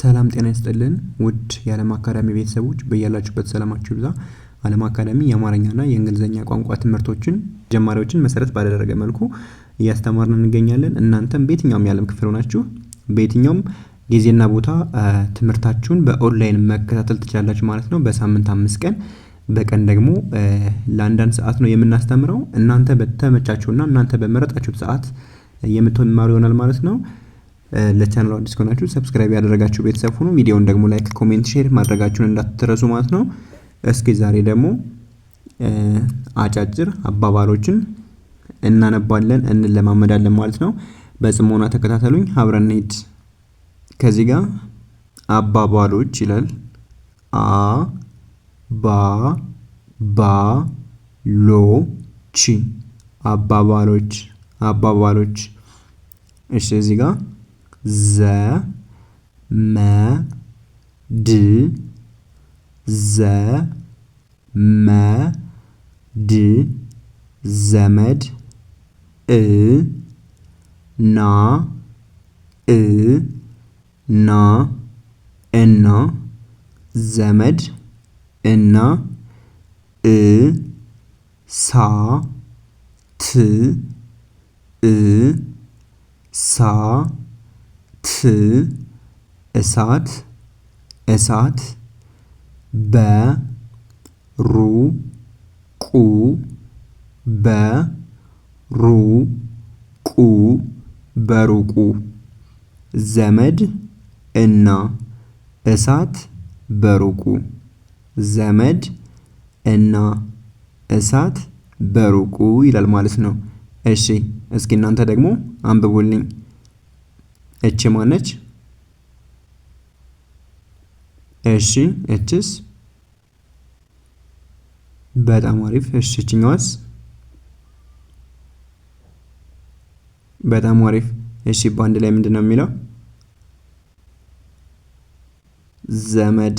ሰላም ጤና ይስጥልን ውድ የዓለም አካዳሚ ቤተሰቦች በያላችሁበት ሰላማችሁ ብዛ። ዓለም አካዳሚ የአማርኛና የእንግሊዝኛ ቋንቋ ትምህርቶችን ጀማሪዎችን መሰረት ባደረገ መልኩ እያስተማርን እንገኛለን። እናንተም በየትኛውም የዓለም ክፍል ሆናችሁ በየትኛውም ጊዜና ቦታ ትምህርታችሁን በኦንላይን መከታተል ትችላላችሁ ማለት ነው። በሳምንት አምስት ቀን በቀን ደግሞ ለአንዳንድ ሰዓት ነው የምናስተምረው። እናንተ በተመቻችሁና እናንተ በመረጣችሁት ሰዓት የምትማሩ ይሆናል ማለት ነው። ለቻናሉ አዲስ ከሆናችሁ ሰብስክራይብ ያደረጋችሁ ቤተሰብ ሁኑ። ቪዲዮውን ደግሞ ላይክ፣ ኮሜንት፣ ሼር ማድረጋችሁን እንዳትረሱ ማለት ነው። እስኪ ዛሬ ደግሞ አጫጭር አባባሎችን እናነባለን እንለማመዳለን ማለት ነው። በጽሞና ተከታተሉኝ፣ አብረን እንሂድ። ከዚህ ጋር አባባሎች ይላል። አ ባ ባ ሎ ቺ አባባሎች አባባሎች። እሺ እዚህ ጋር ዘመድ ዘመድ ዘመድ እ ና እ ና እና ዘመድ እና እ ሳ ት እ ሳ ት እሳት እሳት በ ሩ ቁ በ ሩ ቁ በሩቁ ዘመድ እና እሳት በሩቁ ዘመድ እና እሳት በሩቁ ይላል ማለት ነው። እሺ እስኪ እናንተ ደግሞ አንብቡልኝ እች ማነች? እሺ እችስ? በጣም አሪፍ። እሺ እችኛዋስ? በጣም አሪፍ። እሺ በአንድ ላይ ምንድን ነው የሚለው? ዘመድ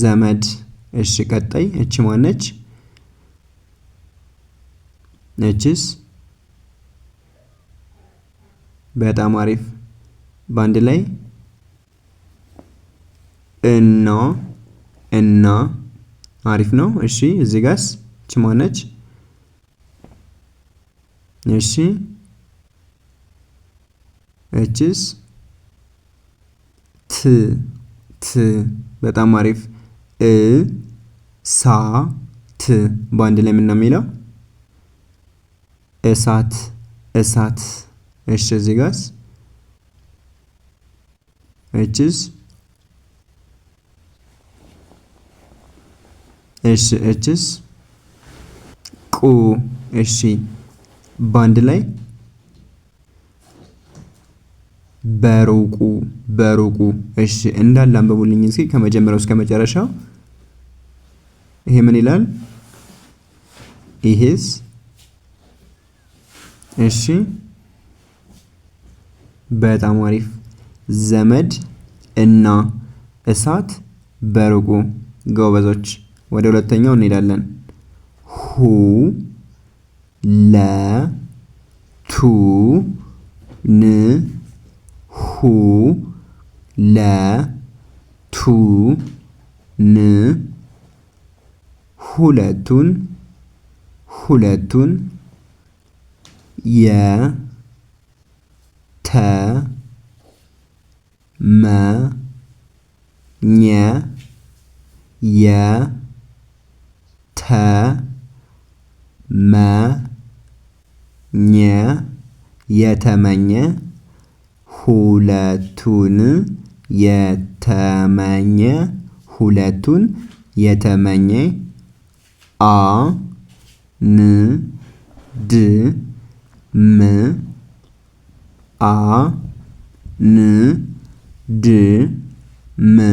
ዘመድ። እሺ ቀጣይ እች ማነች? እችስ? በጣም አሪፍ በአንድ ላይ እና እና አሪፍ ነው። እሺ እዚህ ጋስ ችማነች እሺ እችስ ት ት በጣም አሪፍ እ ሳ ት በአንድ ላይ ምን ነው የሚለው? እሳት እሳት። እሺ እዚህ ጋስ እችስ እሺ እችስ ቁ እሺ ባንድ ላይ በሩቁ በሩቁ እሺ e እንዳለ አንብቡልኝ እስኪ ከመጀመሪያው እስከ መጨረሻው ይሄ ምን ይላል ይሄስ እሺ e በጣም አሪፍ ዘመድ እና እሳት በሩቁ ጎበዞች። ወደ ሁለተኛው እንሄዳለን። ሁ ለ ቱ ን ሁ ለ ቱ ን ሁለቱን ሁለቱን የ ተ መ ኘ የ ተ መ ኘ የተመኘ ሁለቱን የተመኘ ሁለቱን የተመኘ አ ን ድ ም አ ን ድ ም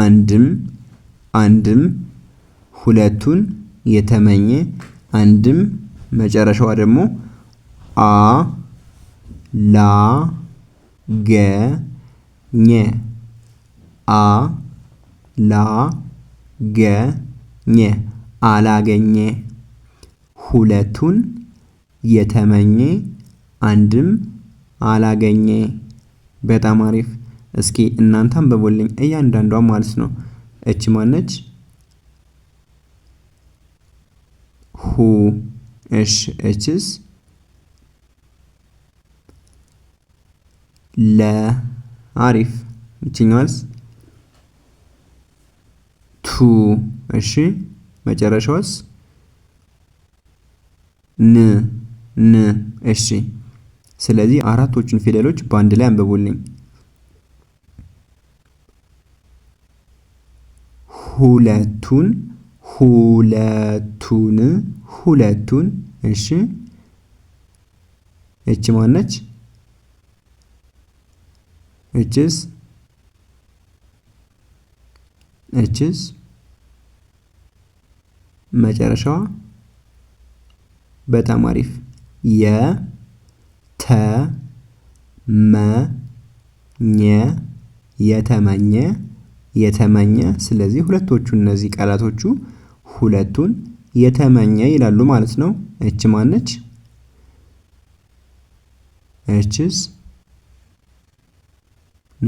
አንድም አንድም ሁለቱን የተመኘ አንድም መጨረሻዋ ደግሞ አ ላ ገ ኘ አ ላ ገ ኘ አላገኘ ሁለቱን የተመኘ አንድም አላገኘ በጣም አሪፍ። እስኪ እናንተ አንብቡልኝ እያንዳንዷ ማለት ነው። እች ማነች? ሁ። እሽ፣ እችስ? ለ። አሪፍ። እችኛዋስ? ቱ። እሺ፣ መጨረሻዋስ? ን ን። እሺ ስለዚህ አራቶቹን ፊደሎች በአንድ ላይ አንብቡልኝ። ሁለቱን ሁለቱን ሁለቱን። እሺ፣ እች ማነች? እችስ እችስ መጨረሻዋ። በጣም አሪፍ የ ተ መ ኘ የተመኘ የተመኘ ስለዚህ ሁለቶቹ እነዚህ ቃላቶቹ ሁለቱን የተመኘ ይላሉ ማለት ነው። እች ማነች? እችስ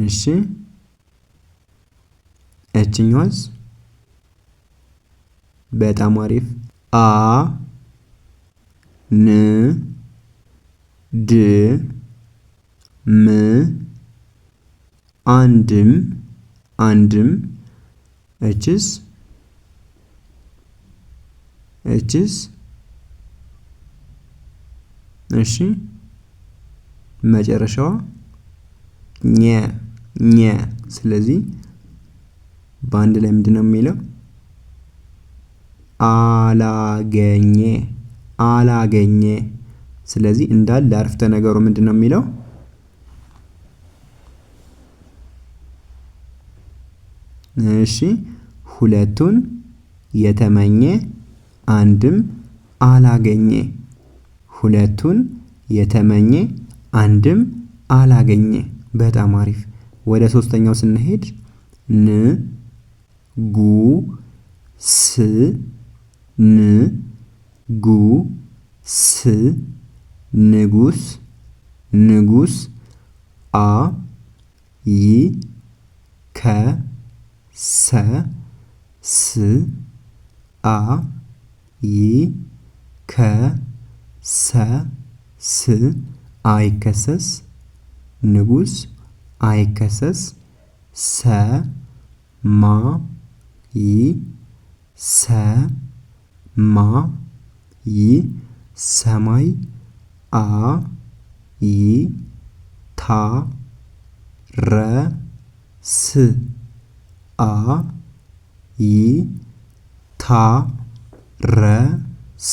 እሺ እችኛዋስ? በጣም አሪፍ። አ ን ድ ም አንድም አንድም እችስ እችስ እሺ መጨረሻዋ ኘ ኘ ስለዚህ በአንድ ላይ ምንድን ነው የሚለው? አላገኘ አላገኘ ስለዚህ እንዳለ አረፍተ ነገሩ ምንድን ነው የሚለው? እሺ ሁለቱን የተመኘ አንድም አላገኘ። ሁለቱን የተመኘ አንድም አላገኘ። በጣም አሪፍ። ወደ ሶስተኛው ስንሄድ ን ጉ ስ ን ጉ ስ ንጉስ ንጉስ አ ይ ከ ሰ ስ አ ይ ከ ሰ ስ አይከሰስ ንጉስ አይከሰስ ሰ ማ ይ ሰ ማ ይ ሰማይ አ ይ ታ ረ ስ አ ይ ታ ረ ስ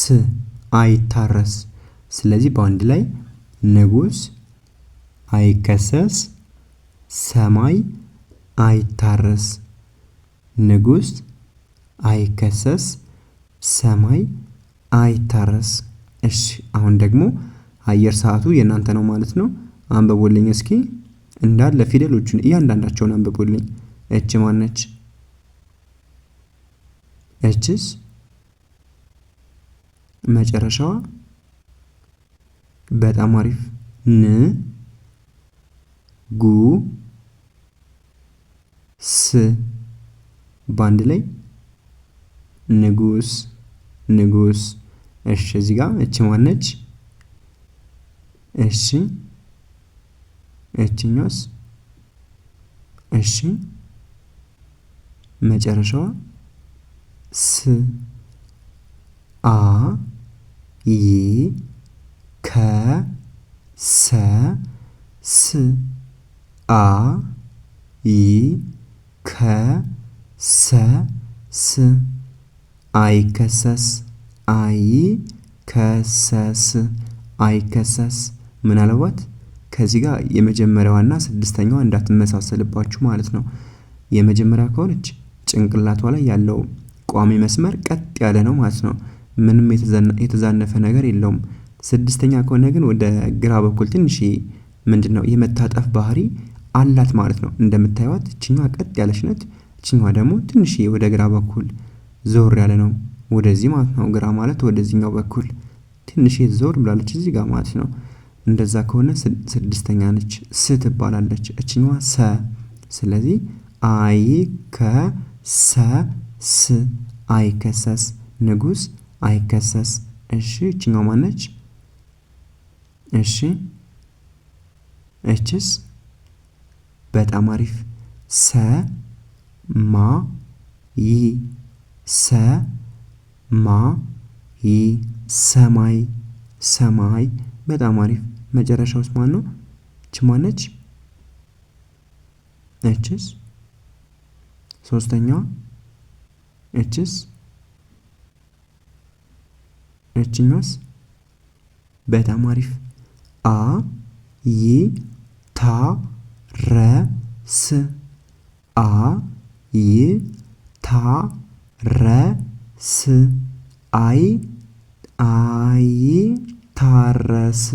አይታረስ። ስለዚህ በአንድ ላይ ንጉስ አይከሰስ፣ ሰማይ አይታረስ። ንጉስ አይከሰስ፣ ሰማይ አይታረስ። እሺ አሁን ደግሞ አየር ሰዓቱ የእናንተ ነው ማለት ነው። አንብቦልኝ እስኪ እንዳለ ፊደሎቹን እያንዳንዳቸውን አንብቦልኝ። እች ማነች? እችስ መጨረሻዋ በጣም አሪፍ ን ጉ ስ በአንድ ላይ ንጉስ ንጉስ። እሺ እዚህ ጋር እች ማነች? eşi, etiniz, eሺ መጨረሻዋ ስ አ ይ ከ ሰ ስ አ ይ ከ ሰ ስ አይከሰስ አይ ከሰስ አይከሰስ ምናልባት ከዚህ ጋር የመጀመሪያዋና ስድስተኛዋ እንዳትመሳሰልባችሁ ማለት ነው። የመጀመሪያ ከሆነች ጭንቅላቷ ላይ ያለው ቋሚ መስመር ቀጥ ያለ ነው ማለት ነው። ምንም የተዛነፈ ነገር የለውም። ስድስተኛ ከሆነ ግን ወደ ግራ በኩል ትንሽ ምንድን ነው የመታጠፍ ባህሪ አላት ማለት ነው። እንደምታዩት ችኛ ቀጥ ያለች ናት። እችኛዋ ደግሞ ትንሽ ወደ ግራ በኩል ዞር ያለ ነው ወደዚህ ማለት ነው። ግራ ማለት ወደዚህኛው በኩል ትንሽ ዞር ብላለች እዚህ ጋር ማለት ነው። እንደዛ ከሆነ ስድስተኛ ነች ስ ትባላለች። እችኛዋ ሰ። ስለዚህ አይ ከሰ ስ አይከሰስ። ንጉስ አይከሰስ። እሺ እችኛዋ ማነች? እሺ እችስ በጣም አሪፍ ሰ ማ ይ ሰ ማ ይ ሰማይ ሰማይ። በጣም አሪፍ መጨረሻ ውስጥ ማን ነው? ች ማነች? እችስ ሶስተኛዋ እችስ እችኛስ በጣም አሪፍ አ ይ ታ ረ ስ አ ይ ታ ረ ስ አይ አይ ታረስ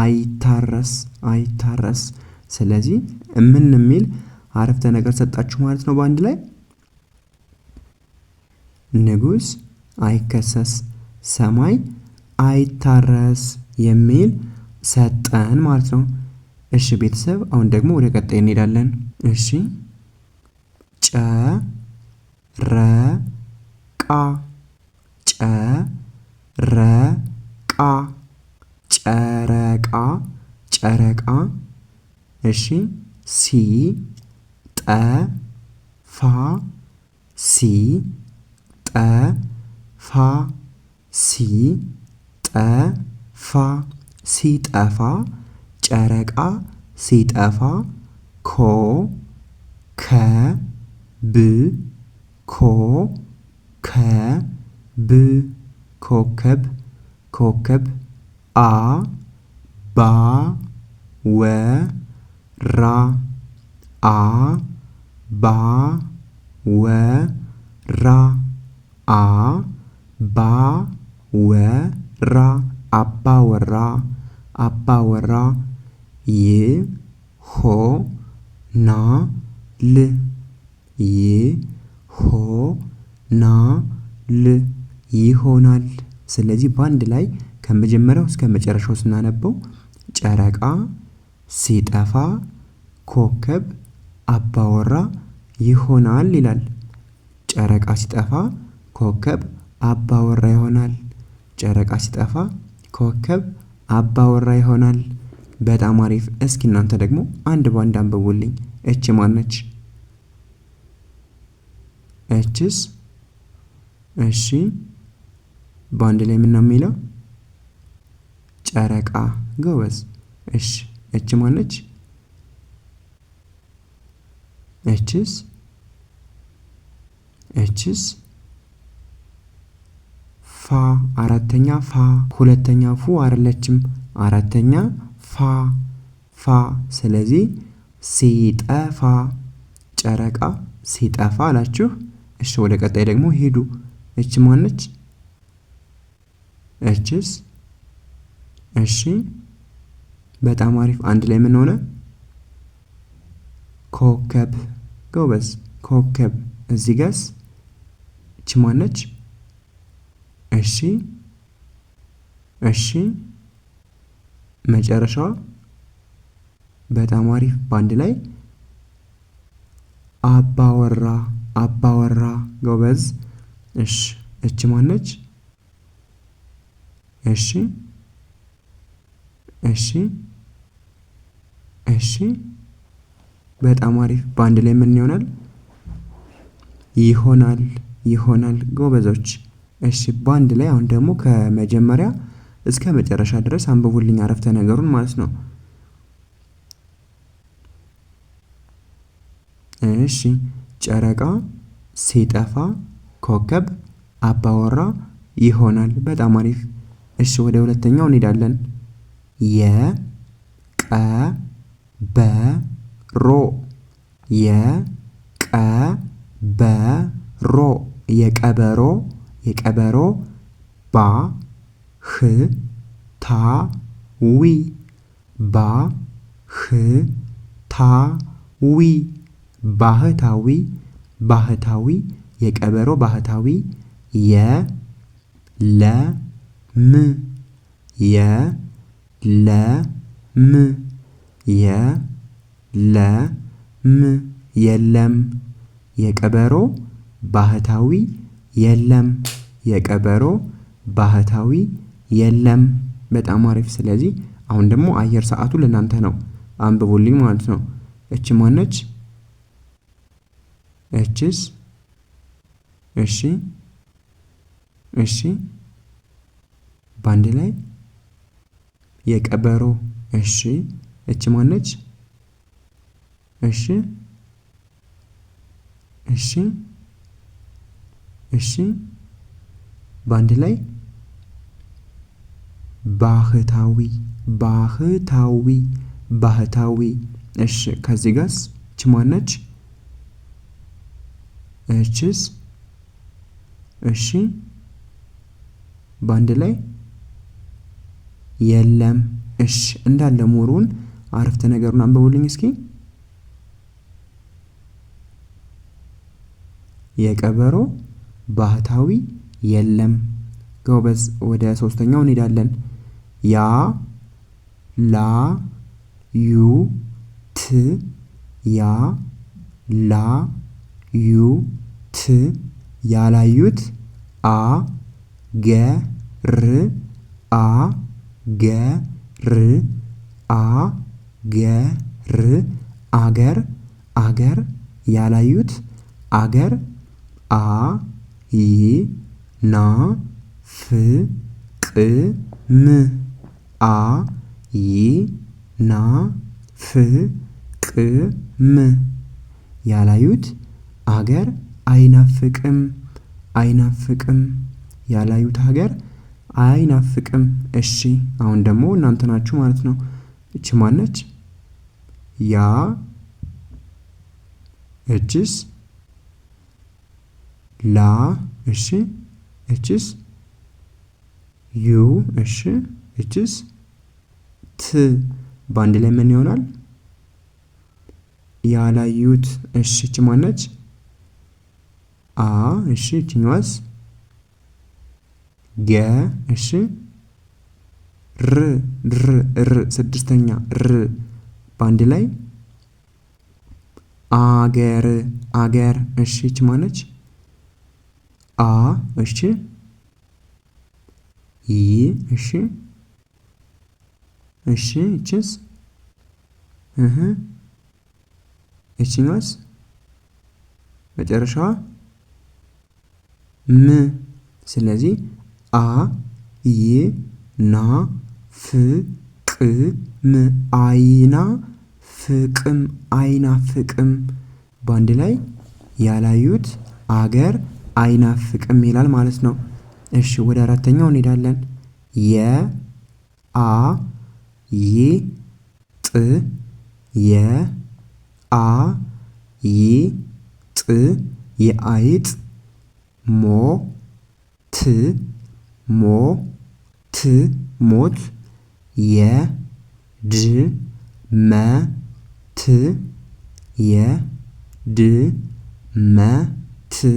አይታረስ አይታረስ። ስለዚህ ምን የሚል አረፍተ ነገር ሰጣችሁ ማለት ነው። በአንድ ላይ ንጉስ አይከሰስ፣ ሰማይ አይታረስ የሚል ሰጠን ማለት ነው። እሺ ቤተሰብ፣ አሁን ደግሞ ወደ ቀጣይ እንሄዳለን። እሺ ጨረቃ ጨረቃ ጨረቃ ጨረቃ እሺ ሲ ጠ ፋ ሲ ጠ ፋ ሲ ጠ ፋ ሲጠፋ ጨረቃ ሲጠፋ ኮ ከ ብ ኮ ከ ብ ኮከብ ኮከብ አ ባ ወ ራ አ ባ ወ ራ አ ባ ወ ራ አባወራ አባወራ ይ ሆ ና ል ይ ሆ ና ል ይሆናል። ስለዚህ በአንድ ላይ ከመጀመሪያው እስከ መጨረሻው ስናነበው ጨረቃ ሲጠፋ ኮከብ አባወራ ይሆናል ይላል። ጨረቃ ሲጠፋ ኮከብ አባወራ ይሆናል። ጨረቃ ሲጠፋ ኮከብ አባወራ ይሆናል። በጣም አሪፍ። እስኪ እናንተ ደግሞ አንድ ባንድ አንብቡልኝ። እች ማነች? እችስ? እሺ፣ በአንድ ላይ ምናምን የሚለው ጨረቃ ጎበዝ። እሽ እች ማለች እችስ እችስ ፋ አራተኛ ፋ ሁለተኛ ፉ አይደለችም። አራተኛ ፋ ፋ። ስለዚህ ሲጠፋ ጨረቃ ሲጠፋ አላችሁ። እሺ ወደ ቀጣይ ደግሞ ሂዱ። እች ማነች? እችስ እሺ በጣም አሪፍ። አንድ ላይ ምን ሆነ? ኮከብ። ጎበዝ ኮከብ። እዚህ ጋስ እቺ ማነች? እሺ እሺ መጨረሻዋ በጣም አሪፍ። በአንድ ላይ አባወራ አባወራ። ጎበዝ እሺ እች ማነች? እሺ እሺ እሺ በጣም አሪፍ። በአንድ ላይ ምን ይሆናል? ይሆናል ይሆናል። ጎበዞች። እሺ በአንድ ላይ አሁን ደግሞ ከመጀመሪያ እስከ መጨረሻ ድረስ አንብቡልኝ አረፍተ ነገሩን ማለት ነው። እሺ ጨረቃ ሲጠፋ ኮከብ አባወራ ይሆናል። በጣም አሪፍ። እሺ ወደ ሁለተኛው እንሄዳለን። የቀበሮ የቀበሮ የቀበሮ የቀበሮ ባህታዊ ባህታዊ ባህታዊ ባህታዊ የቀበሮ ባህታዊ የለም የ ለም ለም የለም የቀበሮ ባህታዊ የለም የቀበሮ ባህታዊ የለም በጣም አሪፍ ስለዚህ አሁን ደግሞ አየር ሰዓቱ ለእናንተ ነው አንብቡልኝ ማለት ነው እች ማነች እችስ እሺ እሺ በአንድ ላይ የቀበሮ እሺ እች ማነች? እሺ እሺ እሺ በአንድ ላይ ባህታዊ ባህታዊ ባህታዊ። እሺ ከዚህ ጋርስ እች ማነች? እችስ እሺ በአንድ ላይ የለም። እሽ እንዳለ ሞሩን አረፍተ ነገሩን አንብቡልኝ እስኪ። የቀበሮ ባህታዊ የለም። ጎበዝ። ወደ ሶስተኛው እንሄዳለን። ያ ላ ዩ ት ያ ላ ዩ ት ያላዩት አ ገ ር አ ገር አ ገር አገር አገር ያላዩት አገር አ ይ ና ፍ ቅ ም አ ይ ና ፍ ቅ ም ያላዩት አገር አይናፍቅም አይናፍቅም ያላዩት ሀገር አይናፍቅም። እሺ አሁን ደግሞ እናንተ ናችሁ ማለት ነው። እቺ ማነች? ያ እችስ ላ እሺ እችስ ዩ እሺ እችስ ት በአንድ ላይ ምን ይሆናል? ያላዩት እሺ እቺ ማነች? አ እሺ እቺኛዋስ ገ እሺ ር ር ር ስድስተኛ ር በአንድ ላይ አገር አገር። እሺ ይች ማነች? አ እሺ ይ እሺ እሺ እችስ እህ እችኛስ መጨረሻዋ ም ስለዚህ አ ይ ና ፍ ቅ ም አይና ፍቅም አይና ፍቅም በአንድ ላይ ያላዩት አገር አይና ፍቅም ይላል ማለት ነው። እሺ ወደ አራተኛው እንሄዳለን። የ አ ይ ጥ የ አ ይ ጥ የአይጥ ሞ ት ሞ ት ሞት የ ድ መ ት የ ድ መ ት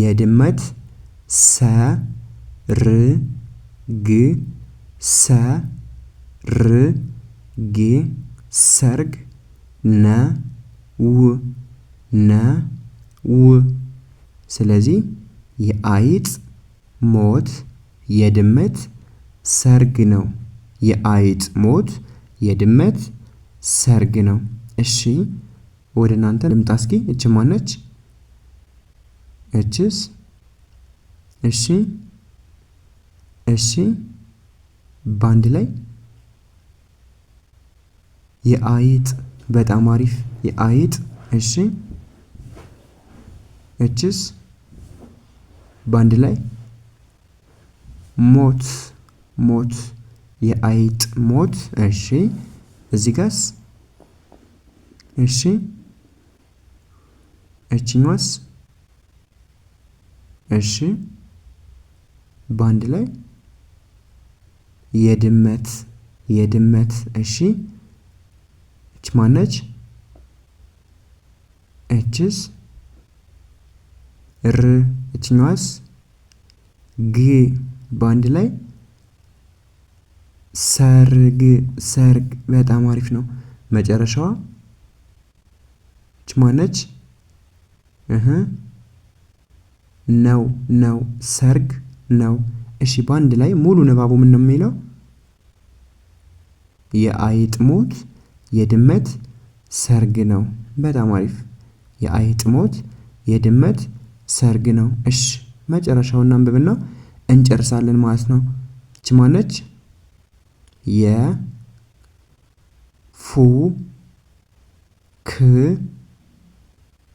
የድመት ሰ ር ግ ሰ ር ግ ሰርግ ነ ው ነ ው ስለዚህ የአይጥ ሞት የድመት ሰርግ ነው። የአይጥ ሞት የድመት ሰርግ ነው። እሺ ወደ እናንተ ልምጣ እስኪ። እች ማነች? እችስ? እሺ እሺ፣ በአንድ ላይ የአይጥ በጣም አሪፍ የአይጥ። እሺ እችስ? በአንድ ላይ ሞት ሞት የአይጥ ሞት። እሺ እዚህ ጋስ እሺ እችኛዋስ እሺ በአንድ ላይ የድመት የድመት እሺ እች ማነች? እችስ ር እችኛዋስ ግ በአንድ ላይ ሰርግ ሰርግ። በጣም አሪፍ ነው። መጨረሻዋ ችማነች እህ ነው ነው ሰርግ ነው። እሺ በአንድ ላይ ሙሉ ንባቡ ምን ነው የሚለው? የአይጥ ሞት የድመት ሰርግ ነው። በጣም አሪፍ የአይጥ ሞት የድመት ሰርግ ነው። እሺ መጨረሻውን አንብብና እንጨርሳለን ማለት ነው። እች ማነች? የ ፉ ክ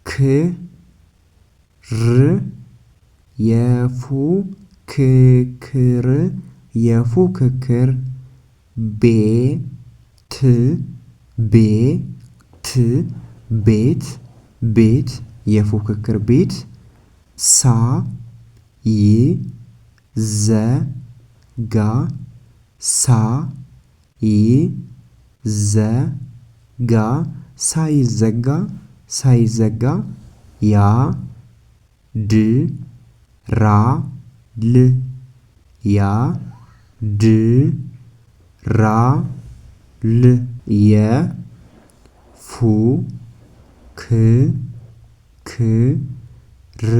ክ ር የፉ ክክር የፉ ክክር ቤ ት ቤ ት ቤት ቤት የፉክክር ቤት ሳ ይ ዘ ጋ ሳ ይ ዘ ጋ ሳይዘጋ ሳይዘጋ ያ ድ ራ ል ያ ድ ራ ል የ ፉ ክ ክ ር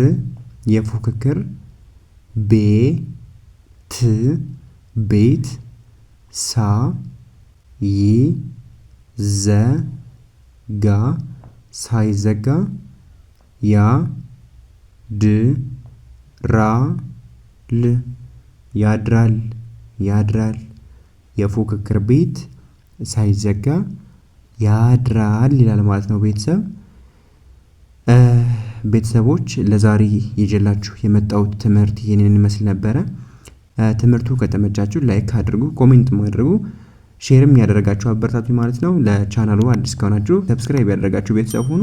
የፉክክር ቤ ት ቤት ሳ ይ ዘ ጋ ሳይዘጋ ያ ድ ራ ል ያድራል ያድራል የፉክክር ቤት ሳይዘጋ ያድራል ይላል ማለት ነው። ቤተሰብ ቤተሰቦች ለዛሬ ይዤላችሁ የመጣሁት ትምህርት ይህንን ይመስል ነበረ። ትምህርቱ ከተመቻችሁ ላይክ አድርጉ፣ ኮሜንት አድርጉ፣ ሼርም ያደረጋችሁ አበረታቱ ማለት ነው። ለቻናሉ አዲስ ከሆናችሁ ሰብስክራይብ ያደረጋችሁ ቤተሰብ ሁኑ።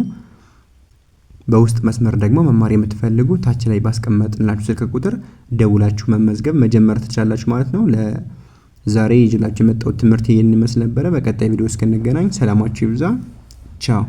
በውስጥ መስመር ደግሞ መማር የምትፈልጉ ታች ላይ ባስቀመጥንላችሁ ስልክ ቁጥር ደውላችሁ መመዝገብ መጀመር ትችላላችሁ ማለት ነው። ለዛሬ ይዤላችሁ የመጣሁት ትምህርት ይህን ይመስል ነበረ። በቀጣይ ቪዲዮ እስክንገናኝ ሰላማችሁ ይብዛ። ቻው